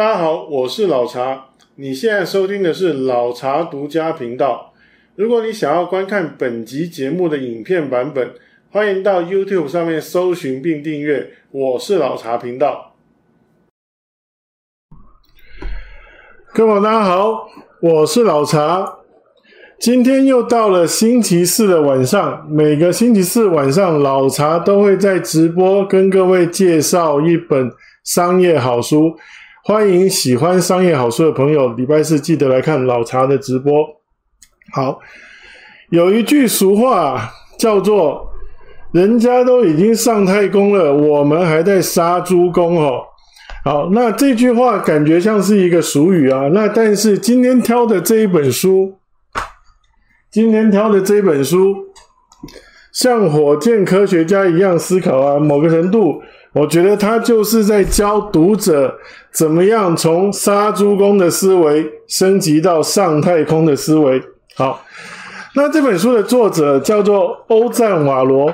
大家好，我是老查。你現在收聽的是老查獨家頻道。如果你想要觀看本集節目的影片版本，歡迎到 YouTube 上面搜尋並訂閱“我是老查頻道”。各位大家好，我是老查。今天又到了星期四的晚上，每個星期四晚上，老查都會在直播跟各位介紹一本商業好書。歡迎喜歡商業好書的朋友，禮拜四記得來看老茶的直播。好，有一句俗話叫做“人家都已經上太公了，我們還在殺豬工好，那這句話感覺像是一個俗語啊。那但是今天挑的這一本書，今天挑的這一本書，像火箭科學家一樣思考啊，某個程度。我覺得他就是在教讀者怎麼樣從殺豬工的思維升級到上太空的思維。好，那這本書的作者叫做歐贊瓦羅，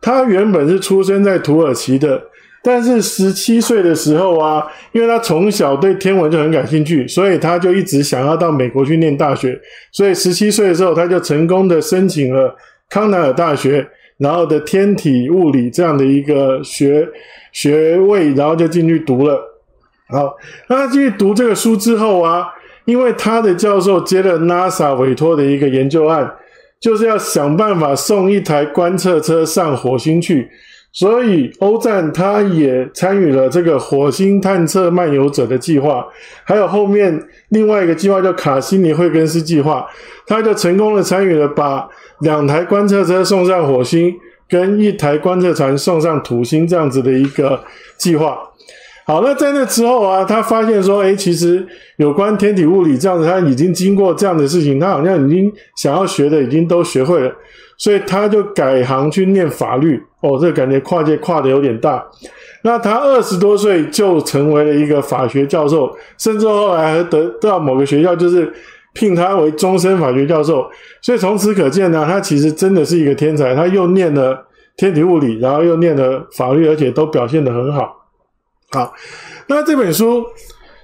他原本是出生在土耳其的，但是十七歲的時候啊，因為他從小對天文就很感興趣，所以他就一直想要到美國去念大學。所以十七歲的時候，他就成功的申請了康奈爾大學。然後的天體物理，這樣的一個學學位，然後就進去讀了。好，那他進去讀這個書之後啊，因為他的教授接了 NASA 委託的一個研究案，就是要想辦法送一台觀測車上火星去，所以歐贊他也參與了這個火星探測漫遊者的計劃，還有後面另外一個計劃叫卡西尼惠更斯計劃，他就成功的參與了把。兩台觀測車送上火星，跟一台觀測船送上土星，這樣子的一個計劃。好，那在那之後啊，他發現說，哎，其實有關天體物理這樣子，他已經經過這樣的事情，他好像已經想要學的已經都學會了，所以他就改行去念法律。哦，這感覺跨界跨得有點大。那他二十多歲就成為了一個法學教授，甚至後來還得到某個學校就是。聘他為終身法學教授，所以從此可見呢，他其實真的是一個天才。他又念了天體物理，然後又念了法律，而且都表現得很好。好，那這本書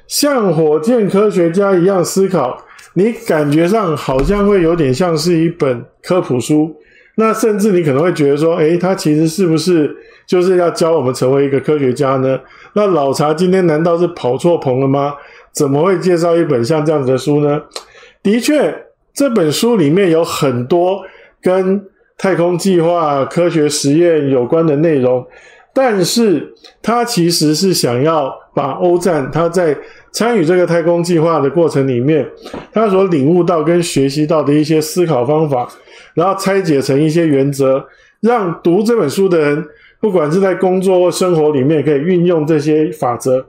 像火箭科學家一樣思考，你感覺上好像會有點像是一本科普書。那甚至你可能會覺得說，哎，他其實是不是就是要教我們成為一個科學家呢？那老查今天難道是跑錯棚了嗎？怎麼會介紹一本像這樣子的書呢？的確，這本書裡面有很多跟太空計劃、科學實驗有關的內容，但是他其實是想要把歐贊他在參與這個太空計劃的過程裡面，他所領悟到跟學習到的一些思考方法，然後拆解成一些原則，讓讀這本書的人，不管是在工作或生活裡面，可以運用這些法則。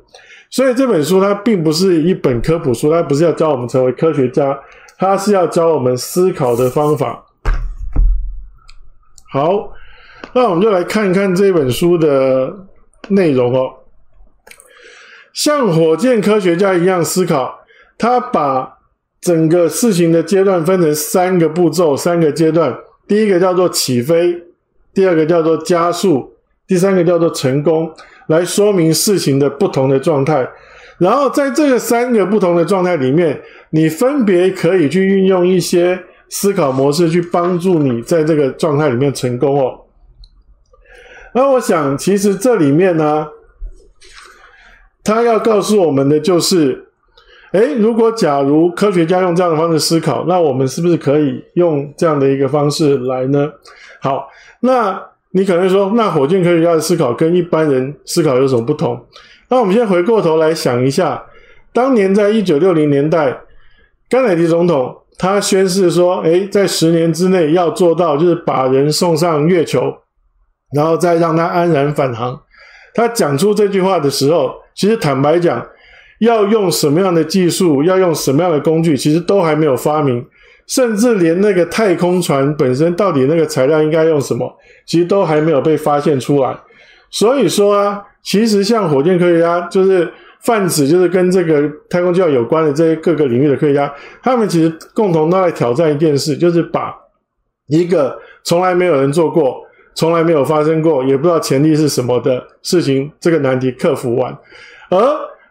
所以這本書它並不是一本科普書，它不是要教我們成為科學家，它是要教我們思考的方法。好，那我們就來看一看這本書的內容哦。像火箭科學家一樣思考，他把整個事情的階段分成三個步驟、三個階段。第一個叫做起飛，第二個叫做加速，第三個叫做成功。來說明事情的不同的狀態，然後在這個三個不同的狀態裡面，你分別可以去運用一些思考模式去幫助你在這個狀態裡面成功哦。那我想，其實這裡面呢，他要告訴我們的就是，誒，如果假如科學家用這樣的方式思考，那我們是不是可以用這樣的一個方式來呢？好，那。你可能說，那火箭科學家的思考跟一般人思考有什麼不同？那我們先回過頭來想一下，當年在一九六零年代，甘迺迪總統他宣示說：“誒，在十年之內要做到，就是把人送上月球，然後再讓他安然返航。”他講出這句話的時候，其實坦白講，要用什麼樣的技術，要用什麼樣的工具，其實都還沒有發明。甚至連那個太空船本身到底那個材料應該用什麼，其實都還沒有被發現出來。所以說啊，其實像火箭科學家，就是泛指就是跟這個太空教有關的這些各個領域的科學家，他們其實共同都在挑戰一件事，就是把一個從來沒有人做過、從來沒有發生過、也不知道前例是什麼的事情，這個難題克服完。而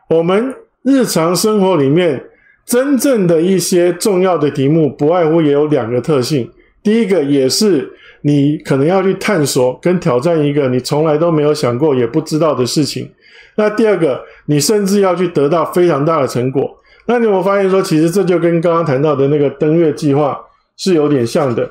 我們日常生活裡面，真正的一些重要的題目，不外乎也有兩個特性。第一個也是你可能要去探索跟挑戰一個你從來都沒有想過也不知道的事情。那第二個，你甚至要去得到非常大的成果。那你有沒有發現說，其實這就跟剛剛談到的那個登月計劃是有點像的。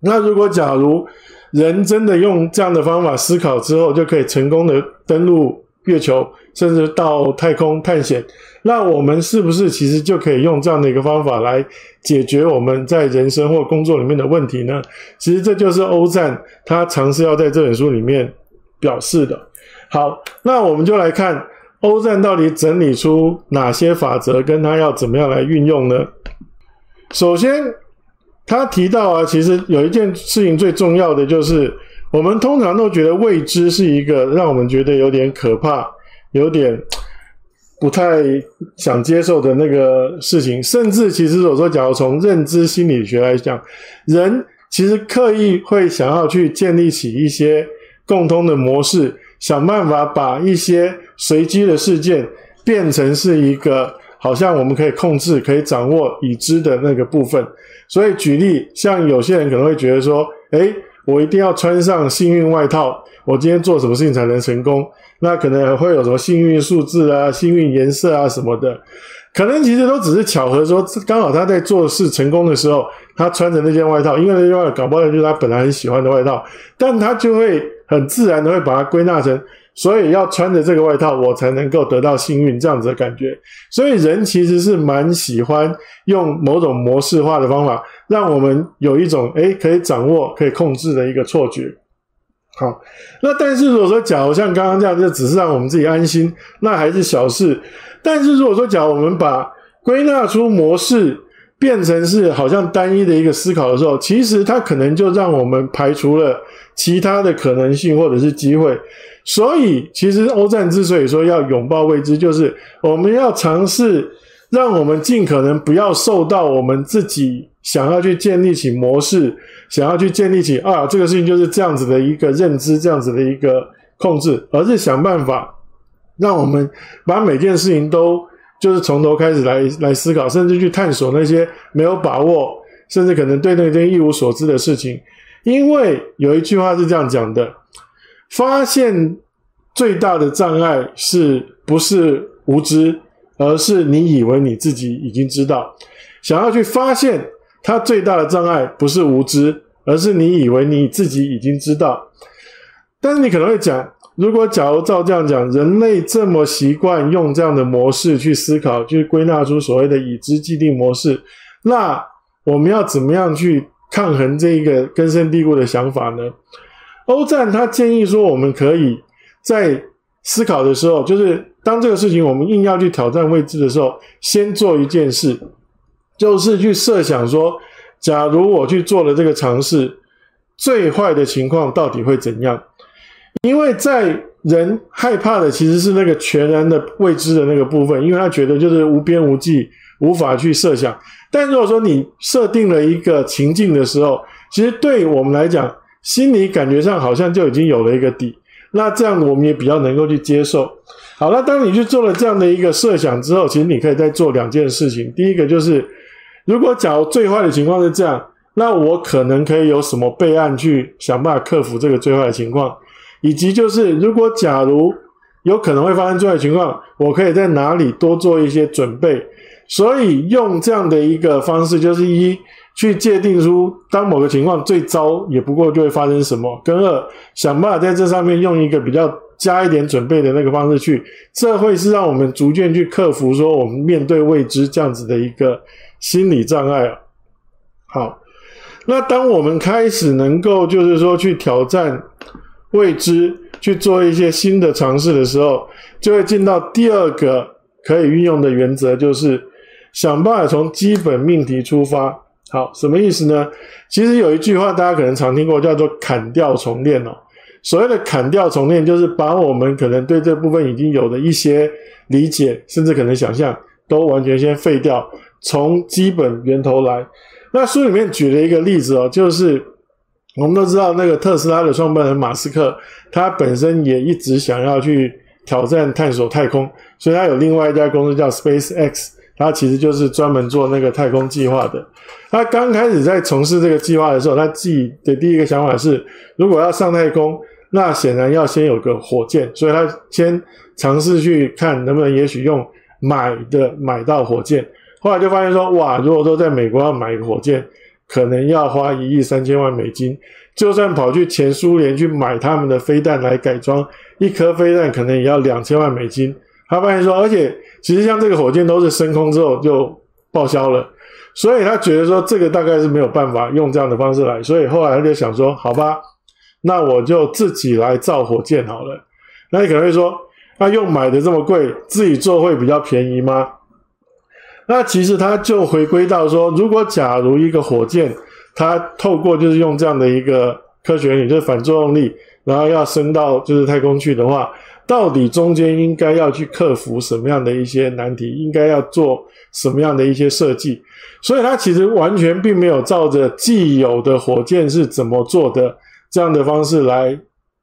那如果假如人真的用這樣的方法思考之後，就可以成功的登陸。月球，甚至到太空探險，那我們是不是其實就可以用這樣的一個方法來解決我們在人生或工作裡面的問題呢？其實這就是歐贊他嘗試要在這本書裡面表示的。好，那我們就來看歐贊到底整理出哪些法則，跟他要怎麼樣來運用呢？首先，他提到啊，其實有一件事情最重要的就是。我們通常都覺得未知是一個讓我們覺得有點可怕、有點不太想接受的那個事情。甚至其實我說，假如從認知心理學來講，人其實刻意會想要去建立起一些共通的模式，想辦法把一些隨機的事件變成是一個好像我們可以控制、可以掌握已知的那個部分。所以舉例，像有些人可能會覺得說：“哎。”我一定要穿上幸運外套。我今天做什麼事情才能成功？那可能會有什麼幸運數字啊、幸運顏色啊什麼的，可能其實都只是巧合說。說剛好他在做事成功的時候，他穿着那件外套，因為那件外套搞不好就是他本來很喜歡的外套，但他就會很自然的會把它歸納成，所以要穿着這個外套，我才能夠得到幸運，這樣子的感覺。所以人其實是蠻喜歡用某種模式化的方法，讓我們有一種誒，可以掌握、可以控制的一個錯覺。好，那但是如果說，假如像剛剛這樣，就只是讓我們自己安心，那還是小事。但是如果說，假如我們把歸納出模式變成是好像單一的一個思考的時候，其實它可能就讓我們排除了其他的可能性或者是機會。所以，其實歐戰之所以說要擁抱未知，就是我們要嘗試讓我們盡可能不要受到我們自己。想要去建立起模式，想要去建立起啊，這個事情就是這樣子的一個認知，這樣子的一個控制，而是想辦法讓我們把每件事情都就是從頭開始來來思考，甚至去探索那些沒有把握，甚至可能對那件一無所知的事情。因為有一句話是這樣講的：發現最大的障礙是不是無知，而是你以為你自己已經知道，想要去發現。他最大的障礙不是無知，而是你以為你自己已經知道。但是你可能會講，如果假如照這樣講，人類這麼習慣用這樣的模式去思考，就是歸納出所謂的已知既定模式，那我們要怎麼樣去抗衡這一個根深蒂固的想法呢？歐贊他建議說，我們可以在思考的時候，就是當這個事情我們硬要去挑戰未知的時候，先做一件事。就是去設想說，假如我去做了這個嘗試，最壞的情況到底會怎樣？因為在人害怕的其實是那個全然的未知的那個部分，因為他覺得就是無邊無際，無法去設想。但如果說你設定了一個情境的時候，其實對我們來講，心裡感覺上好像就已經有了一個底，那這樣我們也比較能夠去接受。好了，那當你去做了這樣的一個設想之後，其實你可以再做兩件事情，第一個就是。如果假如最壞的情況是這樣，那我可能可以有什麼備案去想辦法克服這個最壞的情況，以及就是如果假如有可能會發生最壞的情況，我可以在哪裡多做一些準備。所以用這樣的一個方式，就是一去界定出當某個情況最糟也不過就會發生什麼，跟二想辦法在這上面用一個比較加一點準備的那個方式去，這會是讓我們逐漸去克服說我們面對未知這樣子的一個心理障礙啊，好，那當我們開始能夠，就是說去挑戰未知，去做一些新的嘗試的時候，就會進到第二個可以運用的原則，就是想辦法從基本命題出發。好，什麼意思呢？其實有一句話大家可能常聽過，叫做“砍掉重練”哦。所謂的“砍掉重練”，就是把我們可能對這部分已經有的一些理解，甚至可能想象，都完全先廢掉。從基本源頭來，那書裡面舉了一個例子哦，就是我們都知道那個特斯拉的創辦人馬斯克，他本身也一直想要去挑戰探索太空，所以他有另外一家公司叫 SpaceX，他其實就是專門做那個太空計劃的。他剛開始在從事這個計劃的時候，他自己的第一個想法是，如果要上太空，那顯然要先有個火箭，所以他先嘗試去看能不能也許用買的買到火箭。後來就發現說，哇，如果說在美國要買一個火箭，可能要花一億三千萬美金，就算跑去前蘇聯去買他們的飛彈來改裝，一顆飛彈可能也要兩千萬美金。他發現說，而且其實像這個火箭都是升空之後就報銷了，所以他覺得說這個大概是沒有辦法用這樣的方式來，所以後來他就想說，好吧，那我就自己來造火箭好了。那你可能會說，那、啊、用買的這麼貴，自己做會比較便宜嗎？那其實它就回歸到說，如果假如一個火箭，它透過就是用這樣的一個科學原理，就是反作用力，然後要升到就是太空去的話，到底中間應該要去克服什麼樣的一些難題，應該要做什麼樣的一些設計？所以它其實完全並沒有照着既有的火箭是怎麼做的這樣的方式來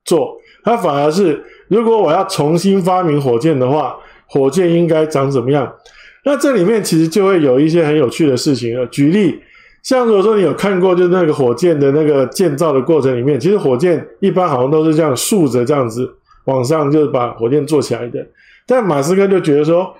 做，它反而是如果我要重新發明火箭的話，火箭應該長怎麼樣？那這裡面其實就會有一些很有趣的事情了。舉例，像如果說你有看過，就是那個火箭的那個建造的過程裡面，其實火箭一般好像都是這樣豎着這樣子往上，就是把火箭做起來的。但馬斯克就覺得說，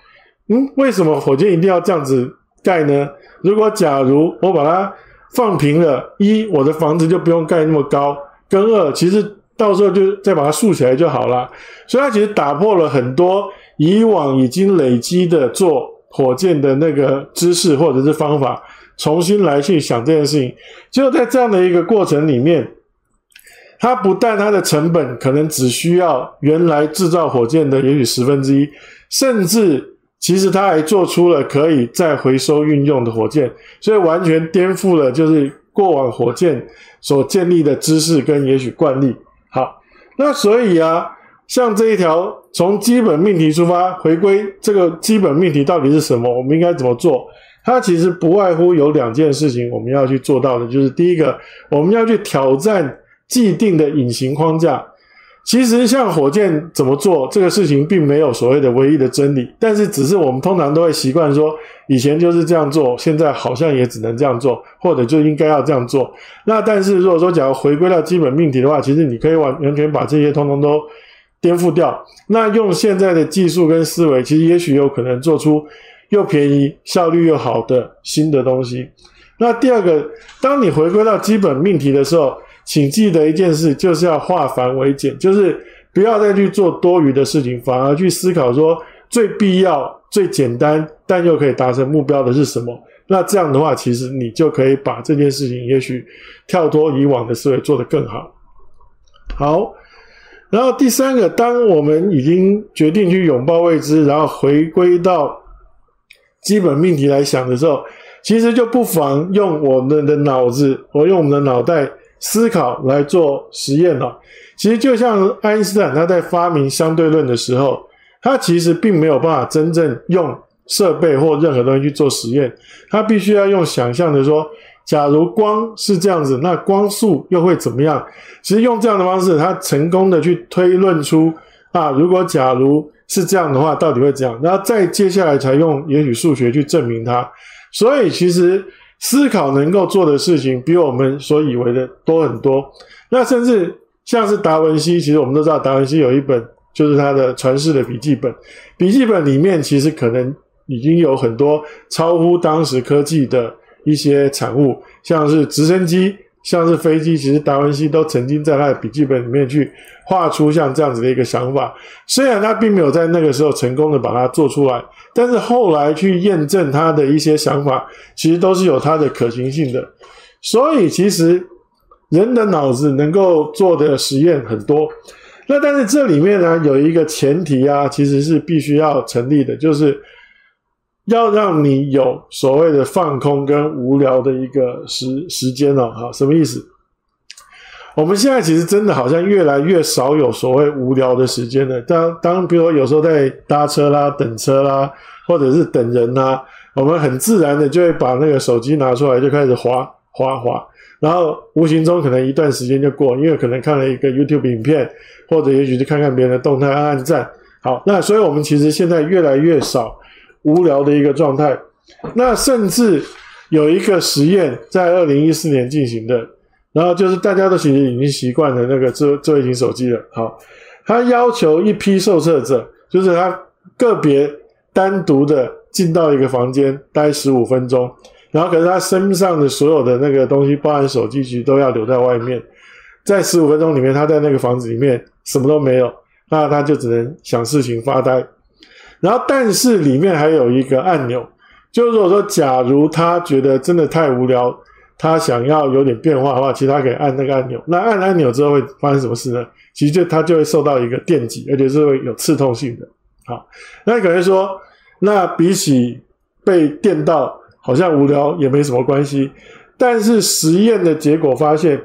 嗯，為什麼火箭一定要這樣子蓋呢？如果假如我把它放平了，一，我的房子就不用蓋那麼高，跟二，其實到時候就再把它豎起來就好啦。所以他其實打破了很多以往已經累積的做。火箭的那個知識或者是方法，重新來去想這件事情，就在這樣的一個過程裡面，它不但它的成本可能只需要原來製造火箭的也許十分之一，甚至其實它還做出了可以再回收運用的火箭，所以完全顛覆了就是過往火箭所建立的知識跟也許慣例。好，那所以啊，像這一條。從基本命題出發，回歸這個基本命題到底是什麼？我們應該怎麼做？它其實不外乎有兩件事情我們要去做到的，就是第一個，我們要去挑戰既定的隱形框架。其實像火箭怎麼做這個事情，並沒有所謂的唯一的真理，但是只是我們通常都會習慣說，以前就是這樣做，現在好像也只能這樣做，或者就應該要這樣做。那但是如果說假如回歸到基本命題的話，其實你可以完完全把這些通通都顛覆掉，那用現在的技術跟思維，其實也許也有可能做出又便宜、效率又好的新的東西。那第二個，當你回歸到基本命題的時候，請記得一件事，就是要化繁為簡，就是不要再去做多餘的事情，反而去思考說最必要、最簡單但又可以達成目標的是什麼。那這樣的話，其實你就可以把這件事情，也許跳脫以往的思維，做得更好。好。然後第三個，當我們已經決定去擁抱未知，然後回歸到基本命題來想的時候，其實就不妨用我們的腦子，我用我們的腦袋思考來做實驗了。其實就像愛因斯坦他在發明相對論的時候，他其實並沒有辦法真正用設備或任何東西去做實驗，他必須要用想象的說。假如光是這樣子，那光速又會怎麼樣？其實用這樣的方式，他成功的去推論出啊，如果假如是這樣的話，到底會怎樣？然後再接下來才用也許數學去證明它。所以其實思考能夠做的事情，比我們所以為的多很多。那甚至像是達文西，其實我們都知道，達文西有一本就是他的傳世的筆記本，筆記本裡面其實可能已經有很多超乎當時科技的。一些產物，像是直升機，像是飛機，其實達文西都曾經在他的筆記本裡面去畫出像這樣子的一個想法。雖然他並沒有在那個時候成功的把它做出來，但是後來去驗證他的一些想法，其實都是有它的可行性的。所以，其實人的腦子能夠做的實驗很多。那但是這裡面呢，有一個前提啊，其實是必須要成立的，就是。要讓你有所謂的放空跟無聊的一個時時間哦、喔，好，什麼意思？我們現在其實真的好像越來越少有所謂無聊的時間了。當當，比如說有時候在搭車啦、等車啦，或者是等人吶、啊，我們很自然的就會把那個手機拿出來就開始滑滑滑，然後無形中可能一段時間就過，因為可能看了一個 YouTube 影片，或者也許是看看別人的動態，按按讚。好，那所以我們其實現在越來越少無聊的一個狀態，那甚至有一個實驗在二零一四年進行的，然後就是大家都其實已經習慣了那個智慧型手機了。好，他要求一批受測者，就是他個別單獨的進到一個房間待十五分鐘，然後可是他身上的所有的那個東西，包含手機其實都要留在外面，在十五分鐘裡面，他在那個房子裡面什麼都沒有，那他就只能想事情發呆。然後，但是裡面還有一個按鈕，就是如果說，假如他覺得真的太無聊，他想要有點變化的話，其實他可以按那個按鈕。那按按鈕之後會發生什麼事呢？其實就他就會受到一個電擊，而且是會有刺痛性的。好，那可能說，那比起被電到，好像無聊也沒什麼關係。但是實驗的結果發現，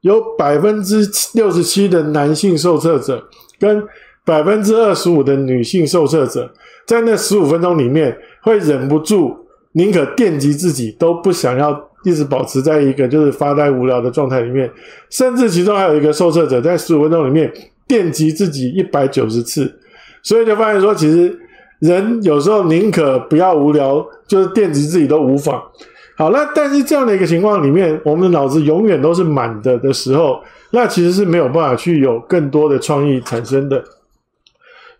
有百分之六十七的男性受測者跟。百分之二十五的女性受測者，在那十五分鐘裡面會忍不住，寧可電擊自己，都不想要一直保持在一個就是發呆無聊的狀態裡面。甚至其中還有一個受測者在十五分鐘裡面電擊自己一百九十次，所以就發現說，其實人有時候寧可不要無聊，就是電擊自己都無妨。好，那但是這樣的一個情況裡面，我們的腦子永遠都是滿的的時候，那其實是沒有辦法去有更多的創意產生的。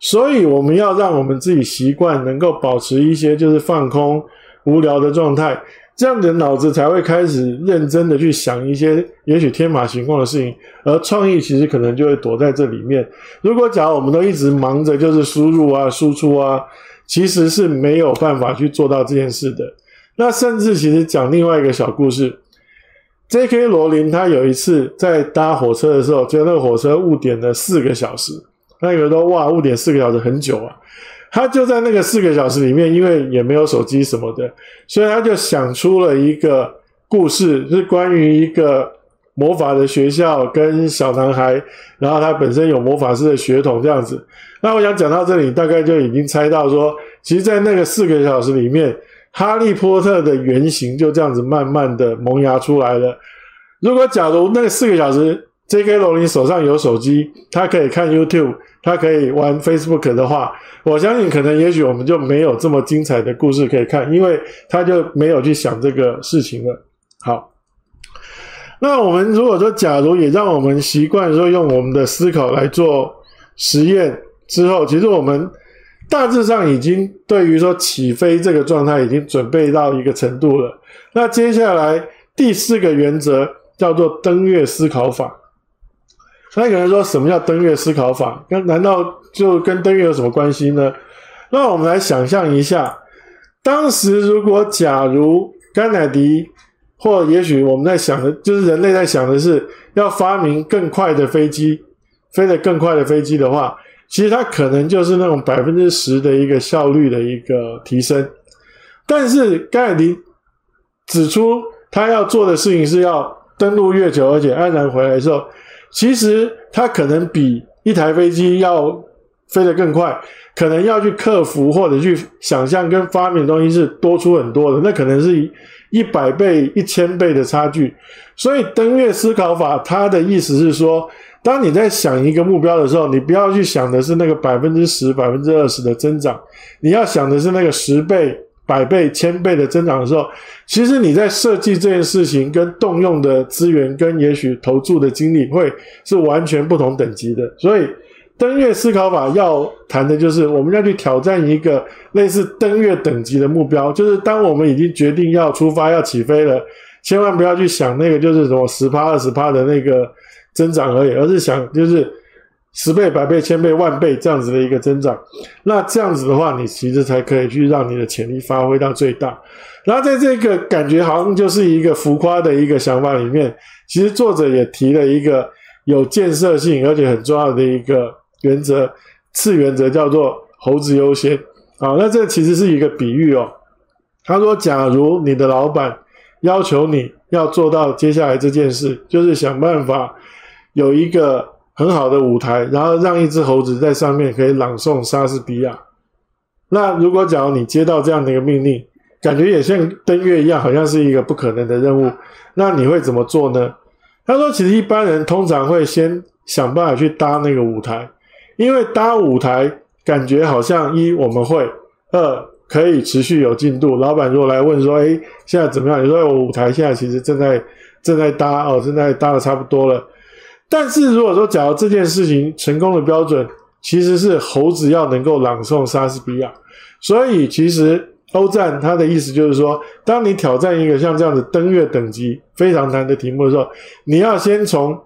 所以我們要讓我們自己習慣能夠保持一些就是放空無聊的狀態，這樣的腦子才會開始認真的去想一些也許天馬行空的事情，而創意其實可能就會躲在這裡面。如果假如我們都一直忙着就是輸入啊、輸出啊，其實是沒有辦法去做到這件事的。那甚至其實講另外一個小故事，J.K. 羅琳他有一次在搭火車的時候，結果那個火車誤點了四個小時。那有人說哇，誤點四個小時很久啊，他就在那個四個小時裡面，因為也沒有手機什麼的，所以他就想出了一個故事，是關於一個魔法的學校跟小男孩，然後他本身有魔法師的血統這樣子。那我想講到這裡，大概就已經猜到說，其實，在那個四個小時裡面，《哈利波特》的原型就這樣子慢慢的萌芽出來了。如果假如那四個小時。J.K. 羅琳手上有手機，她可以看 YouTube，她可以玩 Facebook 的話，我相信可能也許我們就沒有這麼精彩的故事可以看，因為她就沒有去想這個事情了。好，那我們如果說，假如也讓我們習慣說用我們的思考來做實驗之後，其實我們大致上已經對於說起飛這個狀態已經準備到一個程度了。那接下來第四個原則叫做登月思考法。他可能說什麼叫登月思考法？那難道就跟登月有什麼關係呢？那我們來想象一下，當時如果假如甘乃迪，或也許我們在想的，就是人類在想的是要發明更快的飛機，飛得更快的飛機的話，其實它可能就是那種百分之十的一個效率的一個提升。但是甘乃迪指出，他要做的事情是要登陸月球，而且安然回來的時候。其實它可能比一台飛機要飛得更快，可能要去克服或者去想象跟發明的東西是多出很多的，那可能是一百倍、一千倍的差距。所以登月思考法，它的意思是說，當你在想一個目標的時候，你不要去想的是那個百分之十、百分之二十的增長，你要想的是那個十倍、百倍、千倍的增長的時候。其實你在設計這件事情，跟動用的資源，跟也許投注的精力，會是完全不同等級的。所以，登月思考法要談的就是我們要去挑戰一個類似登月等級的目標，就是當我們已經決定要出發、要起飛了，千萬不要去想那個就是什麼十趴、二十趴的那個增長而已，而是想就是。十倍、百倍、千倍、萬倍，這樣子的一個增長，那這樣子的話，你其實才可以去讓你的潛力發揮到最大。然後，在這個感覺好像就是一個浮誇的一個想法裡面，其實作者也提了一個有建設性而且很重要的一個原則，次原則叫做“猴子優先”啊。那這其實是一個比喻哦。他說，假如你的老板要求你要做到接下來這件事，就是想辦法有一個。很好的舞台，然後讓一隻猴子在上面可以朗誦莎士比亞。那如果假如你接到這樣的一個命令，感覺也像登月一樣，好像是一個不可能的任務，那你會怎麼做呢？他說，其實一般人通常會先想辦法去搭那個舞台，因為搭舞台感覺好像一我們會，二可以持續有進度。老闆如果來問說，誒，現在怎麼樣？你說我舞台現在其實正在正在搭哦，正在搭的差不多了。但是如果說，假如這件事情成功的標準其實是猴子要能夠朗誦莎士比亞，所以其實歐贊他的意思就是說，當你挑戰一個像這樣子登月等級非常難的題目的時候，你要先從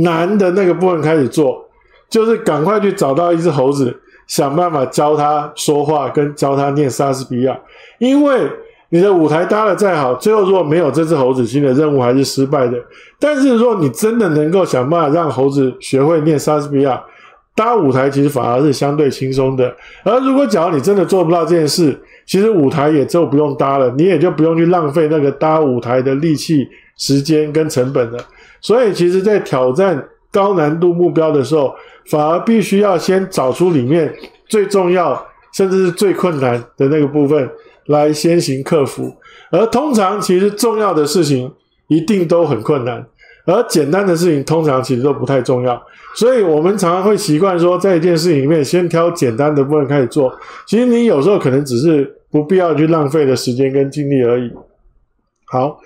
難的那個部分開始做，就是趕快去找到一隻猴子，想辦法教它說話跟教它念莎士比亞，因為。你的舞台搭得再好，最後如果沒有這隻猴子，新的任務還是失敗的。但是如果你真的能夠想辦法讓猴子學會念莎士比亞，搭舞台其實反而是相對輕鬆的。而如果假如你真的做不到這件事，其實舞台也就不用搭了，你也就不用去浪費那個搭舞台的力氣、時間跟成本了。所以，其實，在挑戰高難度目標的時候，反而必須要先找出裡面最重要，甚至是最困難的那個部分。來先行克服，而通常其實重要的事情一定都很困難，而簡單的事情通常其實都不太重要，所以我們常常會習慣說，在一件事情裡面先挑簡單的部分開始做，其實你有時候可能只是不必要去浪費的時間跟精力而已。好，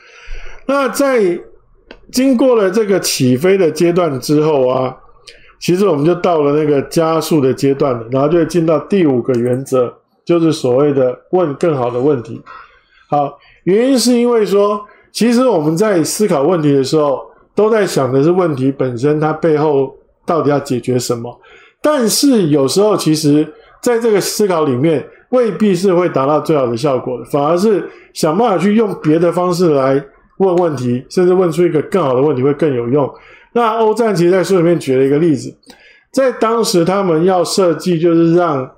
那在經過了這個起飛的階段之後啊，其實我們就到了那個加速的階段了，然後就進到第五個原則。就是所謂的問更好的問題，好，原因是因為說，其實我們在思考問題的時候，都在想的是問題本身它背後到底要解決什麼，但是有時候其實在這個思考裡面，未必是會達到最好的效果的，反而是想辦法去用別的方式來問問題，甚至問出一個更好的問題會更有用。那歐贊其實在書裡面舉了一個例子，在當時他們要設計就是讓。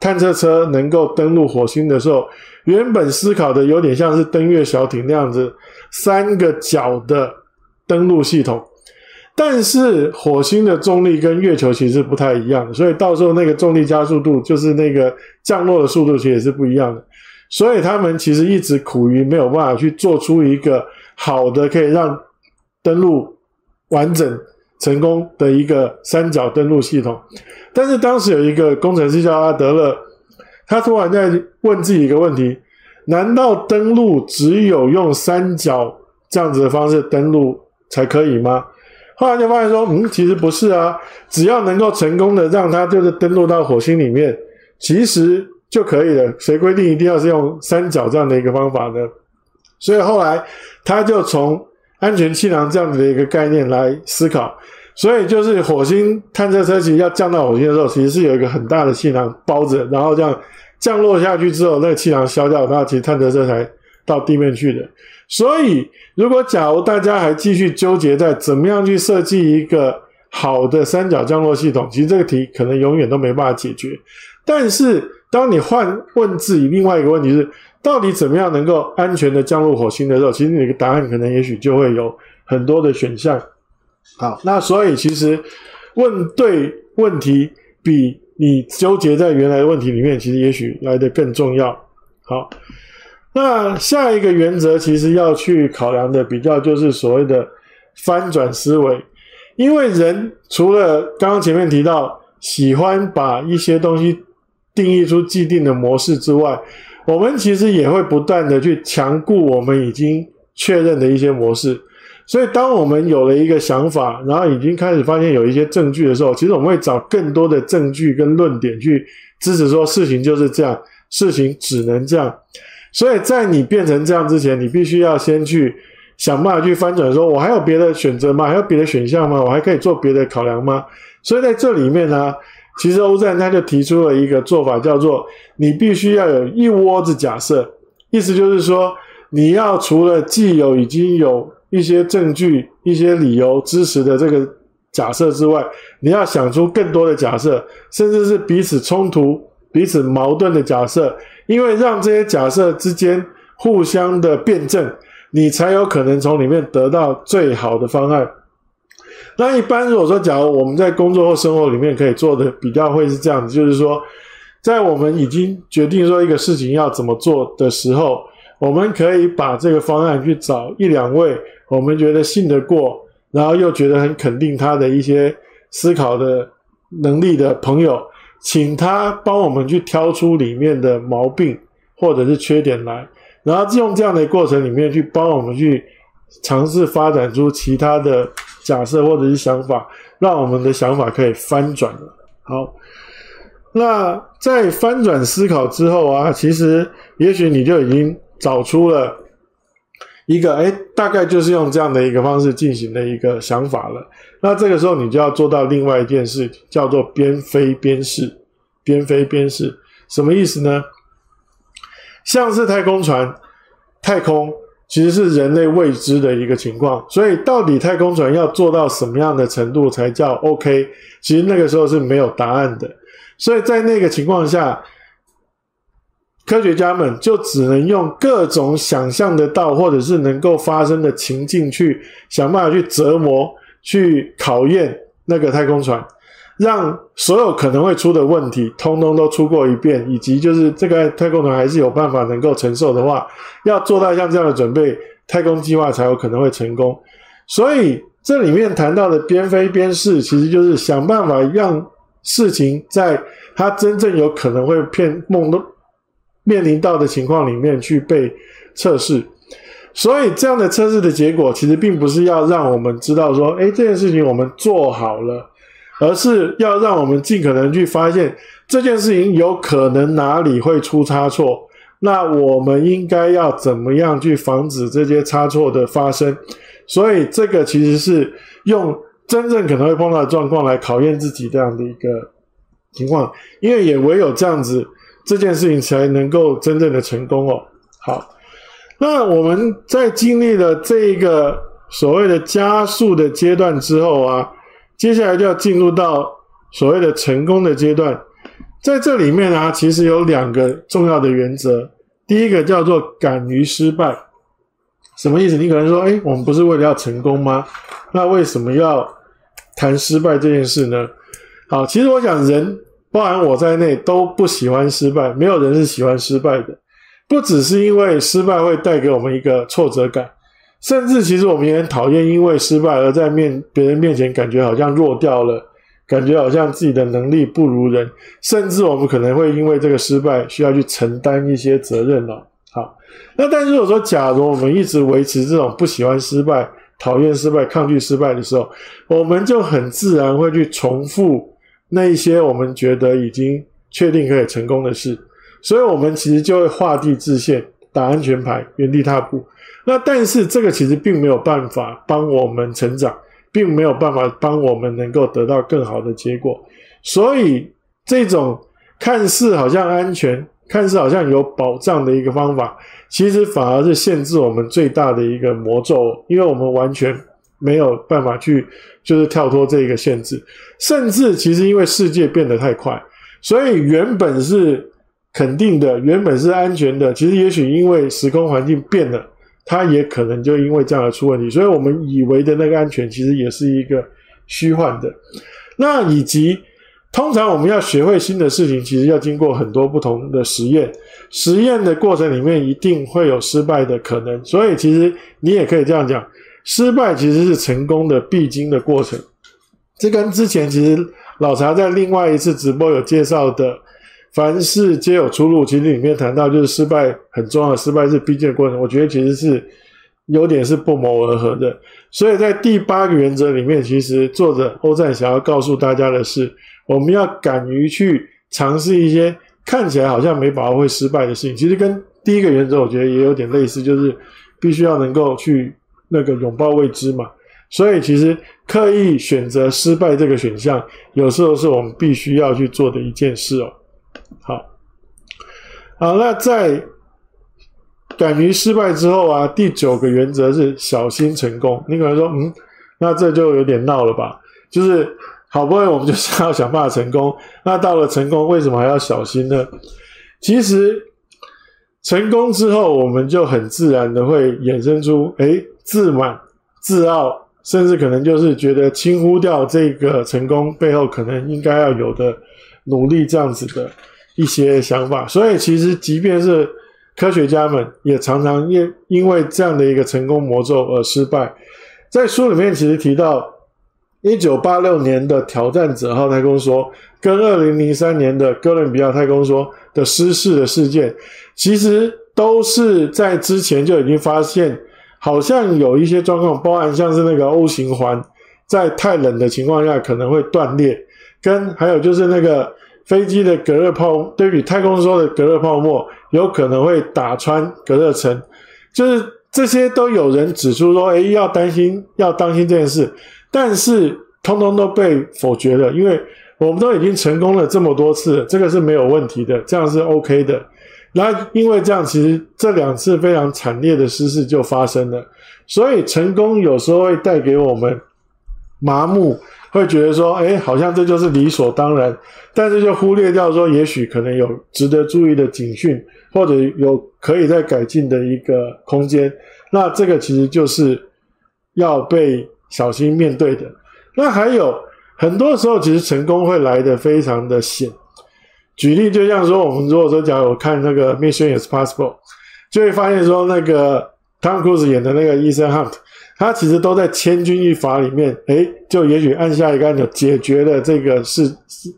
探測車能夠登陸火星的時候，原本思考的有點像是登月小艇那樣子，三個腳的登陸系統。但是火星的重力跟月球其實不太一樣，所以到時候那個重力加速度就是那個降落的速度其實也是不一樣的。所以他們其實一直苦於沒有辦法去做出一個好的可以讓登陸完整。成功的一個三角登陸系統，但是當時有一個工程師叫阿德勒，他突然在問自己一個問題：難道登陸只有用三角這樣子的方式登陸才可以嗎？後來就發現說，嗯，其實不是啊，只要能夠成功的讓它就是登陸到火星裡面，其實就可以了。誰規定一定要是用三角這樣的一個方法呢？所以後來他就從。安全氣囊這樣子的一個概念來思考，所以就是火星探測車其實要降到火星的時候，其實是有一個很大的氣囊包着，然後這樣降落下去之後，那個氣囊消掉，然後其實探測車才到地面去的。所以，如果假如大家還繼續糾結在怎麼樣去設計一個好的三角降落系統，其實這個題，可能永遠都沒辦法解決。但是，當你換問自己另外一個問題是。到底怎麼樣能夠安全的降落火星的時候，其實你的答案可能也許就會有很多的選項。好，那所以其實問對問題，比你糾結在原來的問題裡面，其實也許來得更重要。好，那下一個原則其實要去考量的比較就是所謂的翻轉思維，因為人除了剛剛前面提到喜歡把一些東西定義出既定的模式之外。我們其實也會不斷地去強固我們已經確認的一些模式，所以當我們有了一個想法，然後已經開始發現有一些證據的時候，其實我們會找更多的證據跟論點去支持說事情就是這樣，事情只能這樣。所以在你變成這樣之前，你必須要先去想辦法去翻轉，說我還有別的選擇嗎？還有別的選項嗎？我還可以做別的考量嗎？所以在這裡面呢。其實歐戰他就提出了一個做法，叫做你必須要有一窩子假設，意思就是說，你要除了既有已經有一些證據、一些理由支持的這個假設之外，你要想出更多的假設，甚至是彼此衝突、彼此矛盾的假設，因為讓這些假設之間互相的辯證，你才有可能從裡面得到最好的方案。那一般如果說，假如我們在工作或生活裡面可以做的比較，會是這樣子，就是說，在我們已經決定說一個事情要怎麼做的時候，我們可以把這個方案去找一兩位我們覺得信得過，然後又覺得很肯定他的一些思考的能力的朋友，請他幫我們去挑出裡面的毛病或者是缺點來，然後用這樣的過程裡面去幫我們去嘗試發展出其他的。假設或者是想法，讓我們的想法可以翻轉了。好，那在翻轉思考之後啊，其實也許你就已經找出了一個，哎，大概就是用這樣的一個方式進行的一個想法了。那這個時候你就要做到另外一件事，叫做邊飛邊試，邊飛邊試，什麼意思呢？像是太空船，太空。其實是人類未知的一個情況，所以到底太空船要做到什麼樣的程度才叫 OK？其實那個時候是沒有答案的，所以在那個情況下，科學家們就只能用各種想象得到或者是能夠發生的情境去想辦法去折磨、去考驗那個太空船。讓所有可能會出的問題，通通都出過一遍，以及就是這個太空船還是有辦法能夠承受的話，要做到像這樣的準備，太空計劃才有可能會成功。所以這裡面談到的邊飛邊試，其實就是想辦法讓事情在它真正有可能會騙夢的面臨到的情況裡面去被測試。所以這樣的測試的結果，其實並不是要讓我們知道說，哎，這件事情我們做好了。而是要讓我們盡可能去發現這件事情有可能哪裡會出差錯，那我們應該要怎麼樣去防止這些差錯的發生？所以這個其實是用真正可能會碰到的狀況來考驗自己這樣的一個情況，因為也唯有這樣子，這件事情才能夠真正的成功哦。好，那我們在經歷了這一個所謂的加速的階段之後啊。接下來就要進入到所謂的成功的階段，在這裡面呢、啊，其實有兩個重要的原則。第一個叫做敢於失敗，什麼意思？你可能說，哎，我們不是為了要成功嗎？那為什麼要談失敗這件事呢？好，其實我想，人，包含我在內，都不喜歡失敗，沒有人是喜歡失敗的。不只是因為失敗會帶給我們一個挫折感。甚至，其實我們也很討厭，因為失敗而在面別人面前感覺好像弱掉了，感覺好像自己的能力不如人。甚至，我們可能會因為這個失敗需要去承擔一些責任了哦。好，那但是如果說，假如我們一直維持這種不喜歡失敗、討厭失敗、抗拒失敗的時候，我們就很自然會去重複那一些我們覺得已經確定可以成功的事，所以我們其實就會畫地自限。打安全牌，原地踏步。那但是這個其實並沒有辦法幫我們成長，並沒有辦法幫我們能夠得到更好的結果。所以這種看似好像安全、看似好像有保障的一個方法，其實反而是限制我們最大的一個魔咒，因為我們完全沒有辦法去就是跳脫這個限制。甚至其實因為世界變得太快，所以原本是。肯定的，原本是安全的，其實也許因為時空環境變了，它也可能就因為這樣而出問題。所以，我們以為的那個安全，其實也是一個虛幻的。那以及，通常我們要學會新的事情，其實要經過很多不同的實驗。實驗的過程裡面，一定會有失敗的可能。所以，其實你也可以這樣講，失敗其實是成功的必經的過程。這跟之前其實老查在另外一次直播有介紹的。凡事皆有出路，其實裡面談到就是失敗很重要，失敗是必經的過程。我覺得其實是有點是不謀而合的。所以，在第八個原則裡面，其實作者歐贊想要告訴大家的是，我們要敢於去嘗試一些看起來好像沒把握會失敗的事情。其實跟第一個原則，我覺得也有點類似，就是必須要能夠去那個擁抱未知嘛。所以，其實刻意選擇失敗這個選項，有時候是我們必須要去做的一件事哦。好，那在敢於失敗之後啊，第九個原則是小心成功。你可能說，嗯，那這就有點鬧了吧？就是好不容易我們就是要想辦法成功，那到了成功，為什麼還要小心呢？其實成功之後，我們就很自然的會衍生出，哎、欸，自滿、自傲，甚至可能就是覺得輕忽掉這個成功背後可能應該要有的努力這樣子的。一些想法，所以其實即便是科學家們也常常因因為這樣的一個成功魔咒而失敗。在書裡面其實提到，一九八六年的挑戰者號太空梭跟二零零三年的哥倫比亞太空梭的失事的事件，其實都是在之前就已經發現，好像有一些狀況，包含像是那個 O 型環在太冷的情況下可能會斷裂，跟還有就是那個。飛機的隔熱泡，對比太空梭的隔熱泡沫，有可能會打穿隔熱層，就是這些都有人指出說，哎，要擔心，要當心這件事，但是通通都被否決了，因為我們都已經成功了這麼多次了，這個是沒有問題的，這樣是 OK 的。那因為這樣，其實這兩次非常慘烈的失事就發生了，所以成功有時候會帶給我們麻木。會覺得說，哎，好像這就是理所當然，但是就忽略掉說，也許可能有值得注意的警訊，或者有可以再改進的一個空間。那這個其實就是要被小心面對的。那還有很多時候，其實成功會來得非常的險。舉例，就像說，我們如果說，假如我看那個《Mission Impossible》，就會發現說，那個湯姆·克魯斯演的那個伊森·杭特。他其實都在千鈞一髮裡面，哎，就也許按下一個按鈕解決了這個是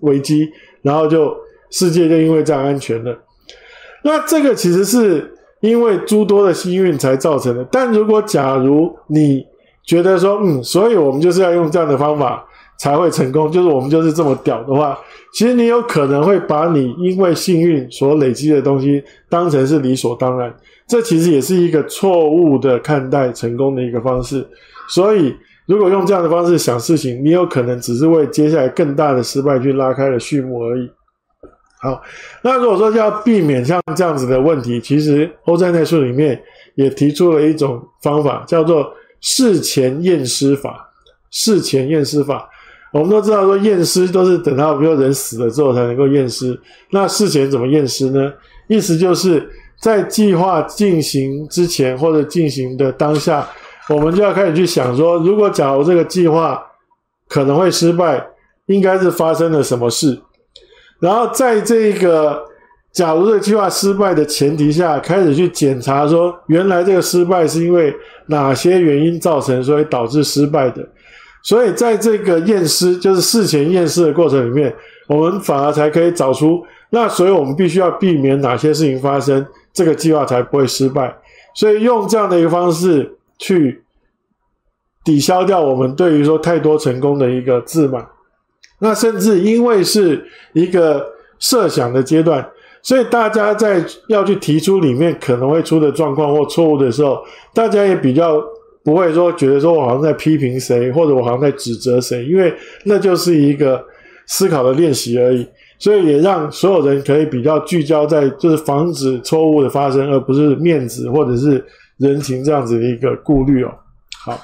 危機，然後就世界就因為這樣安全了。那這個其實是因為諸多的幸運才造成的。但如果假如你覺得說，嗯，所以我們就是要用這樣的方法才會成功，就是我們就是這麼屌的話，其實你有可能會把你因為幸運所累積的東西當成是理所當然。這其實也是一個錯誤的看待成功的一個方式，所以如果用這樣的方式想事情，你有可能只是為接下來更大的失敗去拉開了序幕而已。好，那如果說要避免像這樣子的問題，其實歐債內書裡面也提出了一種方法，叫做事前驗屍法。事前驗屍法，我們都知道說驗屍都是等到比如說人死了之後才能夠驗屍，那事前怎麼驗屍呢？意思就是。在計劃進行之前或者進行的當下，我們就要開始去想說，如果假如這個計劃可能會失敗，應該是發生了什麼事。然後在這個假如這個計劃失敗的前提下，開始去檢查說，原來這個失敗是因為哪些原因造成，所以導致失敗的。所以在這個驗屍，就是事前驗屍的過程裡面，我們反而才可以找出，那所以我們必須要避免哪些事情發生。這個計劃才不會失敗，所以用這樣的一個方式去抵消掉我們對於說太多成功的一個自滿。那甚至因為是一個設想的階段，所以大家在要去提出裡面可能會出的狀況或錯誤的時候，大家也比較不會說覺得說我好像在批評誰，或者我好像在指責誰，因為那就是一個思考的練習而已。所以也讓所有人可以比較聚焦在就是防止錯誤的發生，而不是面子或者是人情這樣子的一個顧慮哦。好，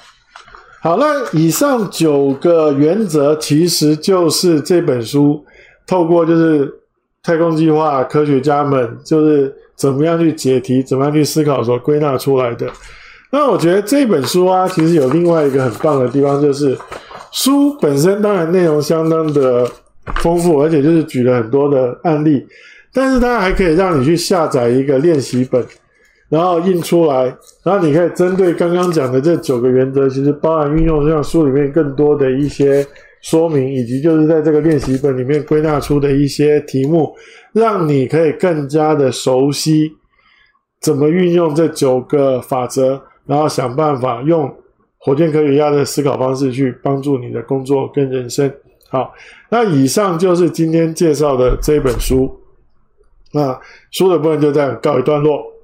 好，那以上九個原則其實就是這本書透過就是太空計劃科學家們就是怎麼樣去解題、怎麼樣去思考所歸納出來的。那我覺得這本書啊，其實有另外一個很棒的地方，就是書本身當然內容相當的豐富，而且就是舉了很多的案例，但是它還可以讓你去下載一個練習本，然後印出來，然後你可以針對剛剛講的這九個原則，其實包含運用像書裡面更多的一些說明，以及就是在這個練習本裡面歸納出的一些題目，讓你可以更加的熟悉怎麼運用這九個法則，然後想辦法用火箭科學家的思考方式去幫助你的工作跟人生。好，那以上就是今天介紹的這一本書，那書的部分就這樣告一段落。